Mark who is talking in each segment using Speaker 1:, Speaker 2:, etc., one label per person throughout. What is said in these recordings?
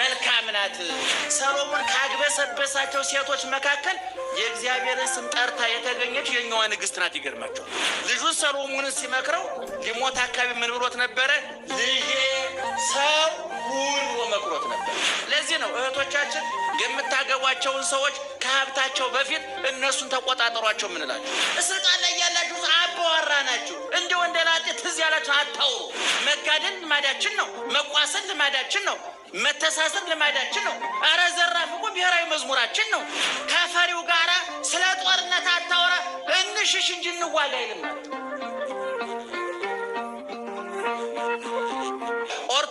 Speaker 1: መልካም ናት። ሰሎሞን ካግበሰበሳቸው ሴቶች መካከል የእግዚአብሔርን ስም ጠርታ የተገኘች የኛዋ ንግስት ናት። ይገርማቸዋል። ልጁ ሰሎሞንን ሲመክረው ሊሞት አካባቢ ምን ብሎት ነበረ? ልዬ ሰው ሁሉ መክሮት ነበር። ለዚህ ነው እህቶቻችን የምታገቧቸውን ሰዎች ከሀብታቸው በፊት እነሱን ተቆጣጠሯቸው ምንላቸው። እስልጣን ላይ ያላችሁ አባዋራ ናቸው። ብላችሁ አታውሩ። መጋደል ልማዳችን ነው። መቋሰል ልማዳችን ነው። መተሳሰብ ልማዳችን ነው። አረ ዘራፍ እኮ ብሔራዊ መዝሙራችን ነው። ከፈሪው ጋራ ስለ ጦርነት አታውራ፣ እንሽሽ እንጂ እንዋጋ ይልም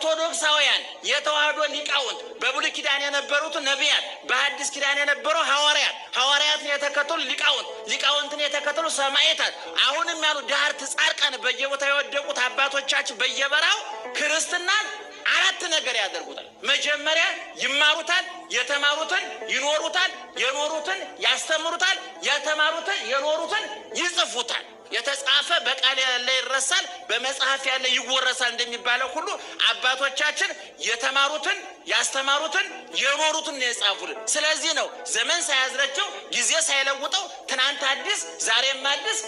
Speaker 1: ኦርቶዶክሳውያን የተዋህዶ ሊቃውንት በብሉይ ኪዳን የነበሩት ነቢያት፣ በአዲስ ኪዳን የነበሩ ሐዋርያት፣ ሐዋርያትን የተከተሉ ሊቃውንት፣ ሊቃውንትን የተከተሉ ሰማዕታት፣ አሁንም ያሉ ዳር ትጻርቀን በየቦታ የወደቁት አባቶቻችን በየበራው ክርስትናን አራት ነገር ያደርጉታል። መጀመሪያ ይማሩታል፣ የተማሩትን ይኖሩታል፣ የኖሩትን ያስተምሩታል፣ የተማሩትን የኖሩትን ይጽፉታል። የተጻፈ በቃል ያለ ይረሳል፣ በመጽሐፍ ያለ ይወረሳል እንደሚባለው ሁሉ አባቶቻችን የተማሩትን ያስተማሩትን የኖሩትን ነው የጻፉልን። ስለዚህ ነው ዘመን ሳያዝረቸው ጊዜ ሳይለውጠው ትናንት አዲስ ዛሬም አዲስ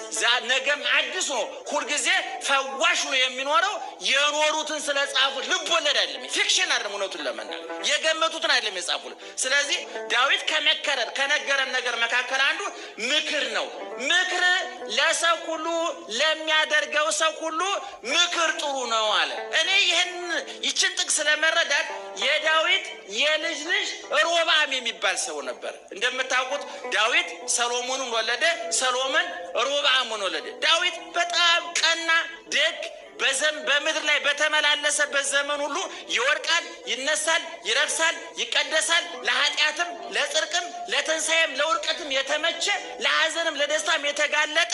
Speaker 1: ነገም አዲስ ነው። ሁልጊዜ ፈዋሽ ነው የሚኖረው። የኖሩትን ስለጻፉ ልብ ወለድ አይደለም፣ ፊክሽን አይደለም። እውነቱን ለመናገር የገመቱትን አይደለም የጻፉልን። ስለዚህ ዳዊት ከመከረን ከነገረን ነገር መካከል አንዱ ምክር ነው። ምክር ለሰው ሁሉ ለሚያደርገው ሰው ሁሉ ምክር ጥሩ ነው አለ። እኔ ይህን ይችን ጥቅስ ለመረዳት የዳዊት የልጅ ልጅ ሮባም የሚባል ሰው ነበር። እንደምታውቁት ዳዊት ሰሎሞንን ወለደ፣ ሰሎሞን ሮብዓምን ወለደ። ዳዊት በጣም ቀና ደግ በዘም በምድር ላይ በተመላለሰበት ዘመን ሁሉ ይወድቃል፣ ይነሳል፣ ይረክሳል፣ ይቀደሳል። ለኃጢአትም፣ ለጽርቅም ለትንሣኤም፣ ለውርቀትም የተመቸ ለሐዘንም፣ ለደስታም የተጋለጠ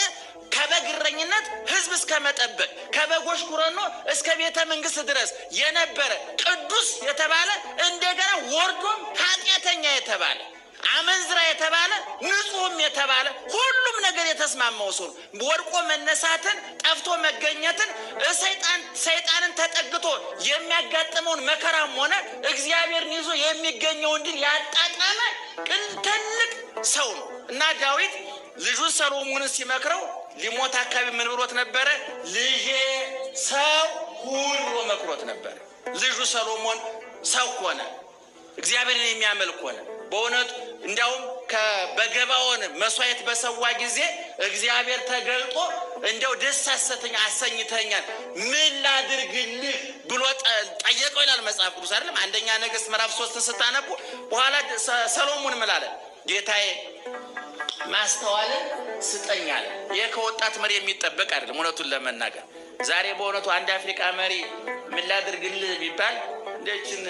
Speaker 1: በበግ እረኝነት ህዝብ እስከ መጠበቅ ከበጎች ኩረኖ እስከ ቤተ መንግስት ድረስ የነበረ ቅዱስ የተባለ እንደገና ወርዶም ኃጢአተኛ የተባለ አመንዝራ የተባለ ንጹህም የተባለ ሁሉም ነገር የተስማማው ሰው ወድቆ መነሳትን ጠፍቶ መገኘትን ሰይጣንን ተጠግቶ የሚያጋጥመውን መከራም ሆነ እግዚአብሔርን ይዞ የሚገኘውን ድል ያጣጣመ ቅን ትልቅ ሰው ነው እና ዳዊት ልጁ ሰሎሞንን ሲመክረው ሊሞት አካባቢ ምን ብሎት ነበረ? ልጄ ሰው ሁን ብሎ መክሮት ነበረ። ልጁ ሰሎሞን ሰው ሆነ፣ እግዚአብሔርን የሚያመልክ ሆነ። በእውነቱ እንዲያውም በገባውን መስዋዕት በሰዋ ጊዜ እግዚአብሔር ተገልጦ እንደው ደስ አሰተኝ አሰኝተኛል፣ ምን ላድርግልህ ብሎ ጠየቀው ይላል መጽሐፍ ቅዱስ አይደለም። አንደኛ ነገሥት ምዕራፍ ሶስትን ስታነቡ በኋላ ሰሎሞን ምን አለ? ጌታዬ ማስተዋልን ስጠኛል። ይህ ከወጣት መሪ የሚጠበቅ አይደለም። እውነቱን ለመናገር ዛሬ በእውነቱ አንድ አፍሪካ መሪ ምን ላድርግልህ ቢባል እንደችን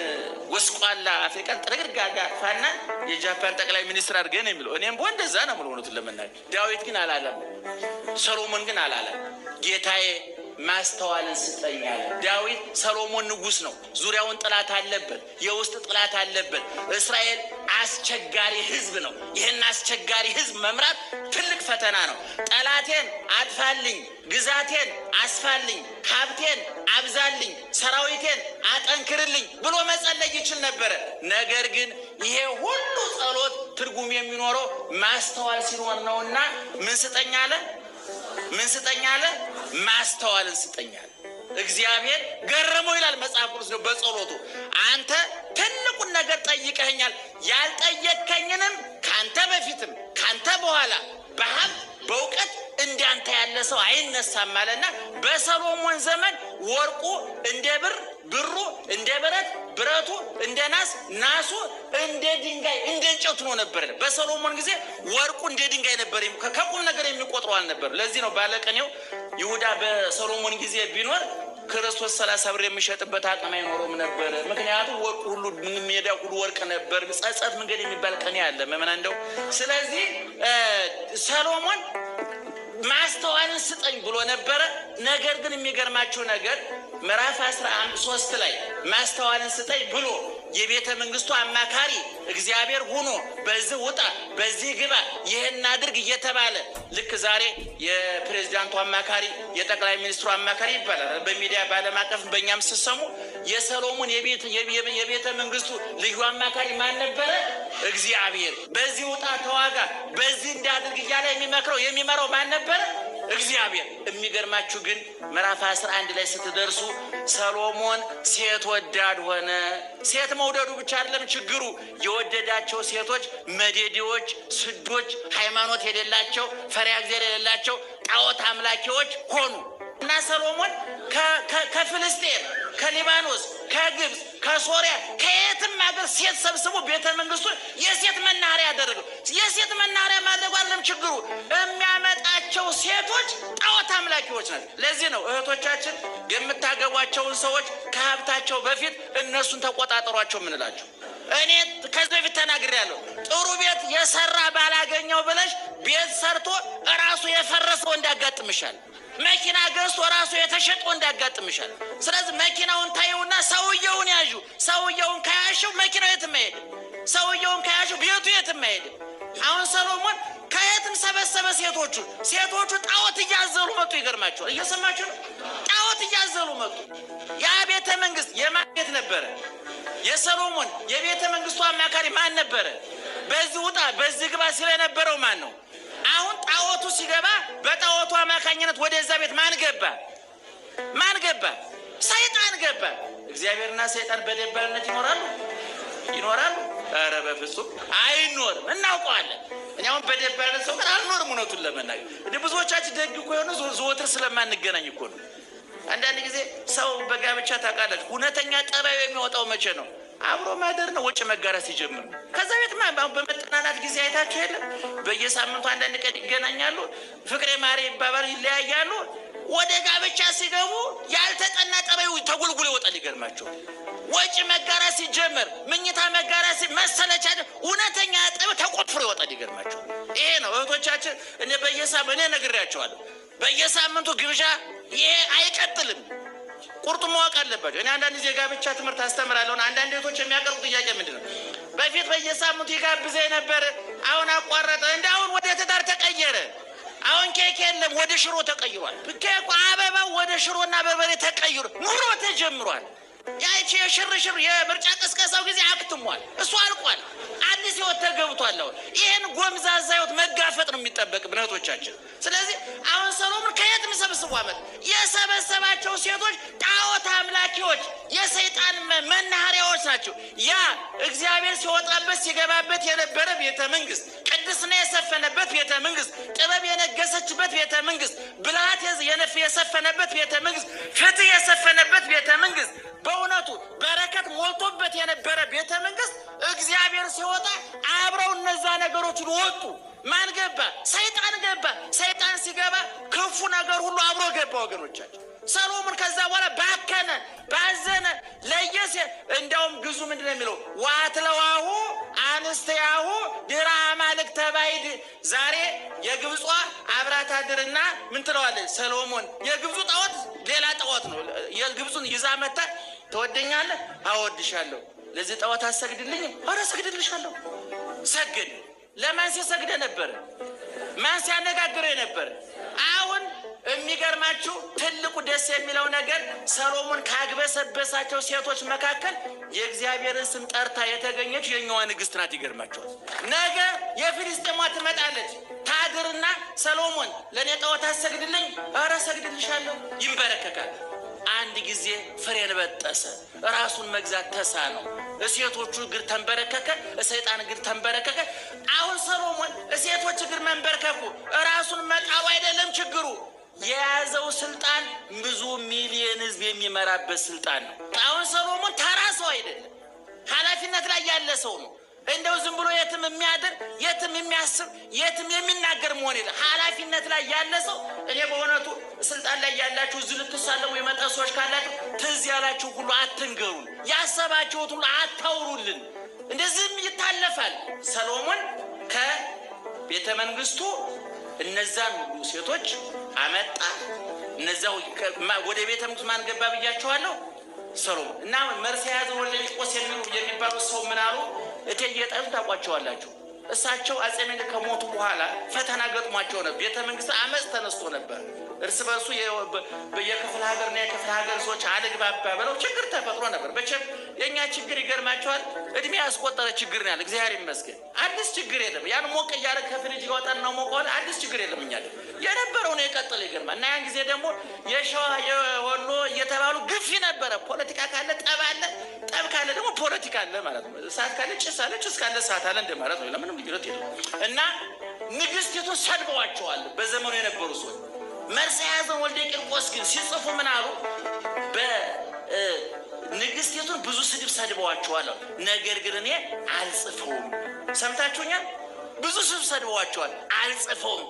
Speaker 1: ጎስቋላ አፍሪካን ጥርግርጋጋ ፋናን የጃፓን ጠቅላይ ሚኒስትር አድርገን የሚለው እኔም ቦ እንደዛ ነው እውነቱን ለመናገር ዳዊት ግን አላለም፣ ሰሎሞን ግን አላለም። ጌታዬ ማስተዋልን ስጠኛል። ዳዊት። ሰሎሞን ንጉስ ነው፣ ዙሪያውን ጥላት አለበት፣ የውስጥ ጥላት አለበት። እስራኤል አስቸጋሪ ህዝብ ነው። ይህን አስቸጋሪ ህዝብ መምራት ትልቅ ፈተና ነው። ጠላቴን አጥፋልኝ፣ ግዛቴን አስፋልኝ፣ ሀብቴን አብዛልኝ፣ ሰራዊቴን አጠንክርልኝ ብሎ መጸለይ ይችል ነበረ። ነገር ግን ይሄ ሁሉ ጸሎት ትርጉም የሚኖረው ማስተዋል ሲኖር ነውና ምን ስጠኝ አለ? ምን ስጠኝ አለ? ማስተዋልን ስጠኝ አለ። እግዚአብሔር ገረመው ይላል መጽሐፍ ቅዱስ ነው በጸሎቱ አንተ ትን ትልቁን ነገር ጠይቀኸኛል። ያልጠየቅከኝንም ከአንተ በፊትም ከአንተ በኋላ በሀብ በእውቀት እንዳንተ ያለ ሰው አይነሳም አለና በሰሎሞን ዘመን ወርቁ እንደ ብር፣ ብሩ እንደ ብረት፣ ብረቱ እንደ ናስ፣ ናሱ እንደ ድንጋይ እንደ እንጨት ነው ነበር። በሰሎሞን ጊዜ ወርቁ እንደ ድንጋይ ነበር፣ ከቁም ነገር የሚቆጥረው አልነበር። ለዚህ ነው ባለቀኔው ይሁዳ በሰሎሞን ጊዜ ቢኖር ክርስቶስ ሰላሳ ብር የሚሸጥበት አቅም አይኖረውም ነበረ። ምክንያቱም ወርቅ ሁሉ ሜዳ ሁሉ ወርቅ ነበር። ጸጸት መንገድ የሚባል ቀን ያለ መመና እንደው ስለዚህ ሰሎሞን ማስተዋልን ስጠኝ ብሎ ነበረ። ነገር ግን የሚገርማቸው ነገር ምዕራፍ 11 3 ላይ ማስተዋልን ስጠኝ ብሎ የቤተ መንግስቱ አማካሪ እግዚአብሔር ሆኖ በዚህ ውጣ፣ በዚህ ግባ፣ ይህን አድርግ እየተባለ ልክ ዛሬ የፕሬዚዳንቱ አማካሪ የጠቅላይ ሚኒስትሩ አማካሪ ይባላል። በሚዲያ በዓለም አቀፍ በእኛም ስሰሙ የሰሎሞን የቤተ መንግስቱ ልዩ አማካሪ ማን ነበረ? እግዚአብሔር። በዚህ ውጣ ተዋጋ፣ በዚህ እንዳድርግ እያለ የሚመክረው የሚመራው ማን ነበረ? እግዚአብሔር የሚገርማችሁ ግን ምዕራፍ 11 ላይ ስትደርሱ ሰሎሞን ሴት ወዳድ ሆነ። ሴት መውደዱ ብቻ አይደለም ችግሩ፣ የወደዳቸው ሴቶች መዴዴዎች፣ ስዶች፣ ሃይማኖት የሌላቸው ፈሪያ እግዚአብሔር የሌላቸው ጣዖት አምላኪዎች ሆኑ እና ሰሎሞን ከፍልስጤን ከሊባኖስ ከግብፅ ከሶሪያ ከየትም ሀገር ሴት ሰብስቦ ቤተ መንግስቱ የሴት መናኸሪያ ያደረገው። የሴት መናኸሪያ ማድረጉ አለም ችግሩ፣ የሚያመጣቸው ሴቶች ጣዖት አምላኪዎች ናቸው። ለዚህ ነው እህቶቻችን የምታገቧቸውን ሰዎች ከሀብታቸው በፊት እነሱን ተቆጣጠሯቸው የምንላቸው። እኔ ከዚህ በፊት ያለው ጥሩ ቤት የሰራ ባላገኘው ብለሽ ቤት ሰርቶ እራሱ የፈረሰው እንዲያጋጥምሻል። መኪና ገዝቶ ራሱ የተሸጦ እንዳያጋጥምሻል። ስለዚህ መኪናውን ታየውና ሰውየውን ያዡ። ሰውየውን ከያሽው መኪናው የትም አይሄድም። ሰውየውን ከያሽው ቤቱ የትም አይሄድም። አሁን ሰሎሞን ከየትም ሰበሰበ ሴቶቹ። ሴቶቹ ጣዖት እያዘሉ መጡ። ይገርማቸዋል። እየሰማችሁ ነው። ጣዖት እያዘሉ መጡ። ያ ቤተ መንግስት የማን ቤት ነበረ? የሰሎሞን የቤተ መንግስቱ አማካሪ ማን ነበረ? በዚህ ውጣ በዚህ ግባ ስለነበረው ማን ነው? አሁን ጣዖቱ ሲገባ በጣዖቱ አማካኝነት ወደዛ ቤት ማን ገባ? ማን ገባ? ሰይጣን ገባ። እግዚአብሔርና ሰይጣን በደባልነት ይኖራሉ ይኖራሉ? ኧረ በፍጹም አይኖርም። እናውቀዋለን። እኛውን በደባልነት ሰው ግን አልኖርም። እውነቱን ለመናገር እንደ ብዙዎቻችን ደግ እኮ የሆነ ዘወትር ስለማንገናኝ እኮ ነው። አንዳንድ ጊዜ ሰው በጋብቻ ታውቃለች፣ እውነተኛ ጠባዩ የሚወጣው መቼ ነው? አብሮ ማደር ነው። ወጪ መጋራት ሲጀምር ከዛ ቤት የህፃናት ጊዜ አይታችሁ የለም? በየሳምንቱ አንዳንድ ቀን ይገናኛሉ፣ ፍቅሬ ማሬ ይባባል፣ ይለያያሉ። ወደ ጋብቻ ሲገቡ ያልተጠና ጠባይ ተጉልጉሎ ይወጣል። ይገርማቸው ወጪ መጋራ ሲጀመር ምኝታ መጋራ መሰለቻ እውነተኛ ጠብ ተቆፍሮ ይወጣል። ይገርማቸው ይሄ ነው እህቶቻችን። እኔ በየሳምንቱ እኔ ነግሬያቸዋለሁ፣ በየሳምንቱ ግብዣ ይሄ አይቀጥልም። ቁርጡ ማወቅ አለባቸው። እኔ አንዳንድ ጊዜ ጋብቻ ትምህርት አስተምራለሁ። አንዳንድ እህቶች የሚያቀርቡ ጥያቄ ምንድን ነው በፊት በየሳምንቱ ይጋብዘኝ ነበር። አሁን አቋረጠ። እንደ አሁን ወደ ትዳር ተቀየረ። አሁን ኬክ የለም፣ ወደ ሽሮ ተቀይሯል። ኬኩ አበባው ወደ ሽሮና በርበሬ ተቀይሮ ኑሮ ተጀምሯል። ያቺ የሽርሽር የምርጫ ቅስቀሳው ጊዜ አክትሟል። እሱ አልቋል። ህይወት ተገብቷል። አሁን ይህን ጎምዛዛ ህይወት መጋፈጥ ነው የሚጠበቅ ብነቶቻችን። ስለዚህ አሁን ሰሎሞን ከየት ሰብስቦ አመት የሰበሰባቸው ሴቶች ጣዖት አምላኪዎች፣ የሰይጣን መናኸሪያዎች ናቸው። ያ እግዚአብሔር ሲወጣበት ሲገባበት የነበረ ቤተ መንግስት ቅድስና የሰፈነበት ቤተ መንግስት፣ ጥበብ የነገሰችበት ቤተ መንግስት፣ ብልሃት የሰፈነበት ቤተ መንግስት፣ ፍትህ የሰፈነበት ቤተ መንግስት፣ በእውነቱ በረከት ሞልቶበት የነበረ ቤተ መንግስት እግዚአብሔር ሲወጣ አብረው እነዛ ነገሮችን ወጡ። ማን ገባ? ሰይጣን ገባ። ሰይጣን ሲገባ ክፉ ነገር ሁሉ አብሮ ገባ። ወገኖቻችን ሰሎሞን ከዛ በኋላ ባከነ ባዘነ ለየሴ እንዲያውም ግዙ ምንድን ነው የሚለው ዋትለዋሁ አንስተያሁ ድራ አማልክ ተባይድ ዛሬ የግብጿ አብራታድርና ምን ትለዋለ ሰሎሞን የግብፁ ጣዖት ሌላ ጣዖት ነው የግብፁን ይዛ መታ ተወደኛለ አወድሻለሁ ለዚህ ጣዖት አሰግድልኝ አረ ሰግድልሻለሁ ሰግድ ለማን ሲሰግደ ነበር ማን ሲያነጋግረ ነበር የሚገርማችሁ ትልቁ ደስ የሚለው ነገር ሰሎሞን ካግበሰበሳቸው ሴቶች መካከል የእግዚአብሔርን ስም ጠርታ የተገኘች የኛዋ ንግስት ናት። ይገርማችኋል። ነገ የፊልስጤሟ ትመጣለች ታድርና ሰሎሞን ለእኔ ጣዖት አሰግድልኝ፣ እረ ሰግድልሻለሁ፣ ይንበረከካል። አንድ ጊዜ ፍሬን በጠሰ፣ ራሱን መግዛት ተሳ ነው። እሴቶቹ እግር ተንበረከከ፣ እሰይጣን እግር ተንበረከከ። አሁን ሰሎሞን እሴቶች እግር መንበርከኩ ራሱን መጣሩ አይደለም ችግሩ የያዘው ስልጣን ብዙ ሚሊየን ህዝብ የሚመራበት ስልጣን ነው። አሁን ሰሎሞን ተራ ሰው አይደለም፣ ኃላፊነት ላይ ያለ ሰው ነው። እንደው ዝም ብሎ የትም የሚያድር የትም የሚያስብ የትም የሚናገር መሆን የለ ኃላፊነት ላይ ያለ ሰው። እኔ በእውነቱ ስልጣን ላይ ያላችሁ እዚህ ልትሳለሙ የመጣ ሰዎች ካላችሁ ትዝ ያላችሁ ሁሉ አትንገሩን፣ ያሰባችሁት ሁሉ አታውሩልን። እንደዚህም ይታለፋል። ሰሎሞን ከቤተ መንግስቱ እነዛን ሁሉ ሴቶች አመጣ። እነዚያው ወደ ቤተ ንጉሥ ማን ገባ ብያቸዋለሁ። ሰሎሞን እና መርስ የያዘ ወልደ ቂርቆስ የሚባሉ ሰው ምን አሉ? እቴጌ ጣይቱ ታውቋቸዋላችሁ። እሳቸው አጼ ምኒልክ ከሞቱ በኋላ ፈተና ገጥሟቸው ነበር። ቤተ መንግስት አመፅ ተነስቶ ነበር። እርስ በርሱ የክፍለ ሀገርና የክፍለ ሀገር ሰዎች አልግባባ ብለው ችግር ተፈጥሮ ነበር። በቸም የእኛ ችግር ይገርማቸዋል። እድሜ ያስቆጠረ ችግር ነው ያለ እግዚአብሔር ይመስገን። አዲስ ችግር የለም። ያን ሞቅ እያለ ከፍሪጅ ይወጣል ነው ሞቅ ሆነ። አዲስ ችግር የለም። እኛ የነበረው ነው የቀጠለ ይገርማል። እና ያን ጊዜ ደግሞ የሸዋ የወሎ እየተባሉ ግፊ ነበረ። ፖለቲካ ካለ ፖለቲካ አለ ማለት ነው። እሳት ካለ ጭስ አለ፣ ጭስ ካለ እሳት አለ እንደማለት ነው። ለምንም ልዩነት የለም። እና ንግስቲቱን ሰድበዋቸዋል በዘመኑ የነበሩ ሰዎች። መርሳ የያዘን ወልደ ቂርቆስ ግን ሲጽፉ ምን አሉ? በንግስቲቱን ብዙ ስድብ ሰድበዋቸዋል። ነገር ግን እኔ አልጽፈውም። ሰምታችሁኛል? ብዙ ስድብ ሰድበዋቸዋል፣ አልጽፈውም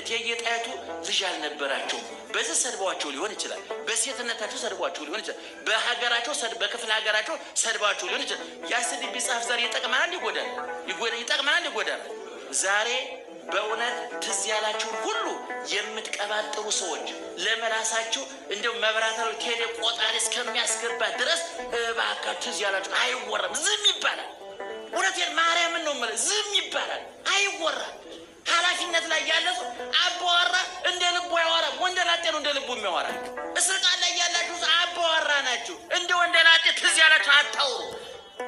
Speaker 1: እቴጌ ጣይቱ ልጅ አልነበራቸው። በዚህ ሰድቧቸው ሊሆን ይችላል። በሴትነታቸው ሰድቧቸው ሊሆን ይችላል። በሀገራቸው በክፍለ ሀገራቸው ሰድቧቸው ሊሆን ይችላል። ያስድ ቢጻፍ ዛሬ ይጠቅመናል፣ ይጎዳል፣ ይጠቅመናል፣ ይጎዳል። ዛሬ በእውነት ትዝ ያላችሁ ሁሉ የምትቀባጥሩ ሰዎች ለመራሳችሁ እንደው መብራታዊ ቴሌ ቆጣሪ እስከሚያስገባ ድረስ እባካችሁ ትዝ ያላችሁ አይወራም፣ ዝም ይባላል። እውነት ማርያምን ነው የምልህ፣ ዝም ይባላል፣ አይወራም። ኃላፊነት ላይ ያለ ሰው አባዋራ እንደ ልቡ አያወራም። ወንደላጤ ነው እንደ ልቡ የሚያወራ። እስርቃን ላይ ያላችሁ አባዋራ ናችሁ። እንደ ወንደላጤ ትዝ ያላችሁ አታውሩ።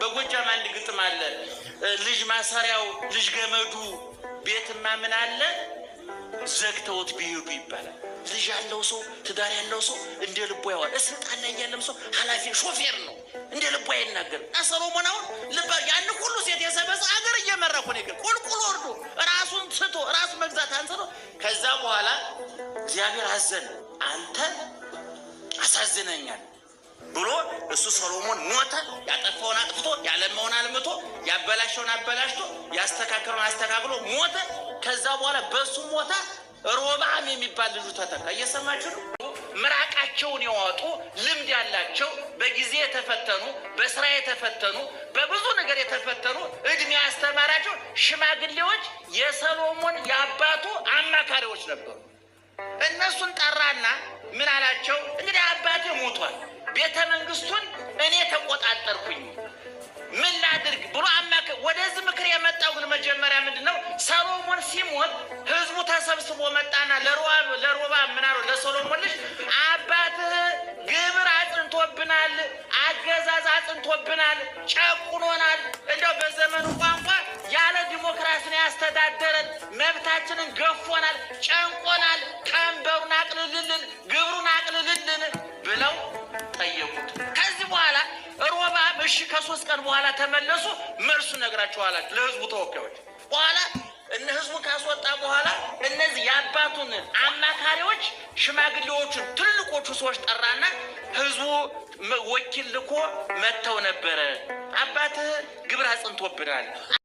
Speaker 1: በጎጃም አንድ ግጥም አለ። ልጅ ማሰሪያው ልጅ ገመዱ ቤትማ ምን አለ ዘግተውት ቢሄዱ ይባላል። ልጅ ያለው ሰው ትዳር ያለው ሰው እንደ ልቦ ያዋል። ስልጣን ላይ ያለም ሰው ኃላፊ ሾፌር ነው፣ እንደ ልቦ አይናገርም። እና ሰሎሞን አሁን ያን ሁሉ ሴት የሰበሰ አገር እየመረኩ ነው። ግን ቁልቁል ወርዶ ራሱን ስቶ ራሱ መግዛት አንስቶ ከዛ በኋላ እግዚአብሔር አዘን አንተ አሳዝነኛል ብሎ እሱ ሰሎሞን ሞተ። ያጠፋውን አጥፍቶ ያለመውን አልምቶ ያበላሸውን አበላሽቶ ያስተካከለውን አስተካክሎ ሞተ። ከዛ በኋላ በሱ ሞታ ሮባም የሚባል ልጁ ተተካ። እየሰማችሁ ነው። ምራቃቸውን የዋጡ ልምድ ያላቸው በጊዜ የተፈተኑ በስራ የተፈተኑ በብዙ ነገር የተፈተኑ እድሜ ያስተማራቸው ሽማግሌዎች የሰሎሞን የአባቱ አማካሪዎች ነበሩ። እነሱን ጠራና ምን አላቸው? እንግዲህ አባቴ ሞቷል፣ ቤተ መንግስቱን እኔ ተቆጣጠርኩኝ። ምን ላ የመጣው ግን መጀመሪያ ምንድን ነው? ሰሎሞን ሲሞት ህዝቡ ተሰብስቦ መጣና ለሮባ ምናሮ ለሶሎሞን ልጅ አባትህ ግብር አጽንቶብናል፣ አገዛዝ አጽንቶብናል፣ ጨቁኖናል። እንደው በዘመኑ ቋንቋ ያለ ዲሞክራሲን ያስተዳደረን መብታችንን ገፎናል፣ ጨንቆናል። ቀንበሩን አቅልልልን፣ ግብሩን አቅልልልን እሺ ከሶስት ቀን በኋላ ተመለሱ። መልሱ ነግራችኋል ለህዝቡ ተወካዮች። በኋላ እነ ህዝቡ ካስወጣ በኋላ እነዚህ የአባቱን አማካሪዎች ሽማግሌዎቹን፣ ትልቆቹ ሰዎች ጠራና ህዝቡ ወኪል ልኮ መጥተው ነበረ። አባትህ ግብር አጽንቶብናል